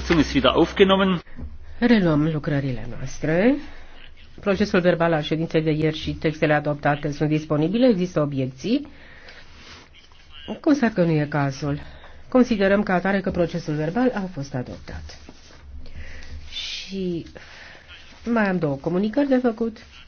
Sitzung ist wieder aufgenommen. Reluăm lucrările noastre. Procesul verbal al ședinței de ieri și textele adoptate sunt disponibile. Există obiecții? Constat că nu e cazul. Considerăm ca atare că procesul verbal a fost adoptat. Și mai am două comunicări de făcut.